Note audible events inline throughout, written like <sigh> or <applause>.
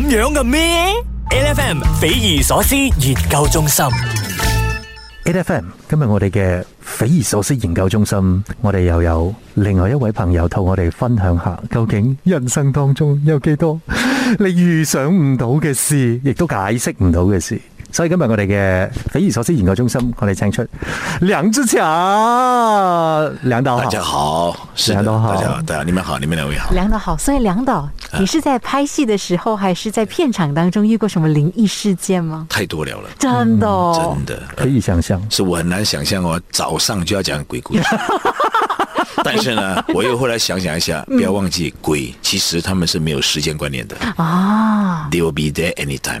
咁樣嘅咩？LFM 匪夷所思研究中心，LFM 今日我哋嘅匪夷所思研究中心，我哋又有另外一位朋友同我哋分享下，究竟人生當中有幾多你預想唔到嘅事，亦都解釋唔到嘅事。所以今日我哋嘅匪夷所思研究中心，我哋請出梁智強、梁導。大家好，梁導好，大家好，大家好、嗯、你們好，你們兩位好。梁導好，所以梁導、啊，你是在拍戲的時候，還是在片場當中遇過什麼靈異事件嗎？太多料了、嗯、真的哦，真的，真、啊、的可以想象，是我很難想象、哦。我早上就要講鬼故事， <laughs> 但是呢，我又後來想想一下，不要忘記、嗯、鬼，其實他們是沒有時間觀念的啊。They will be there anytime.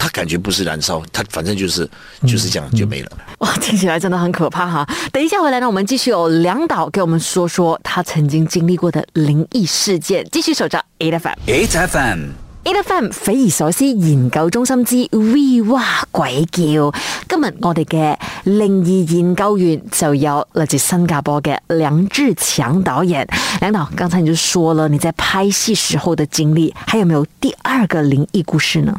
他感覺不是燃燒，他反正就是就是這樣就沒了，嗯嗯。哇，聽起來真的很可怕哈！等一下回來呢，我們繼續有，哦、梁導給我們說說他曾經經歷過的靈異事件。繼續守着 eight fm eight fm eight fm 匪夷所思，研究中心之 Wee 嘩鬼叫。今日我哋嘅靈異研究員就有來自新加坡嘅梁志強導演。梁導，剛才你就說了你在拍戲時候的經歷，還有沒有第二個靈異故事呢？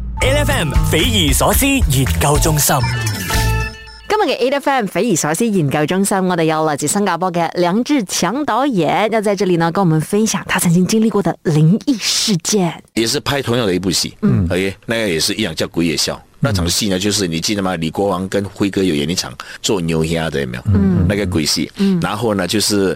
A F M 匪夷所思研究中心，今日嘅 A F M 匪夷所思研究中心，我哋有來自新加坡嘅梁智強導演，要在這裏呢，跟我們分享他曾經經歷過的靈異事件。也是拍同樣的一部戲，嗯，誒，那個也是一樣叫《鬼也笑》，嗯，那場戲呢，就是你記得嗎？李國王跟輝哥有演一場做牛丫的，有冇？嗯，那個鬼戲，嗯，然後呢，就是。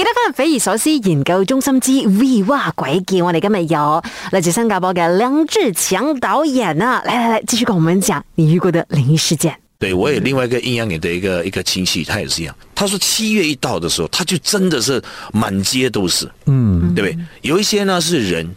記得翻《匪夷所思研究中心》之《Wee 嘩鬼叫》，我哋今日有來自新加坡嘅梁智強導演啊！嚟嚟嚟，繼續跟我哋講，你遇過的靈異事件？對，我有另外一個陰陽眼嘅一個一個親戚，他也是一樣。他說七月一到的時候，他就真的是滿街都是。嗯，對不對？有一些呢，是人。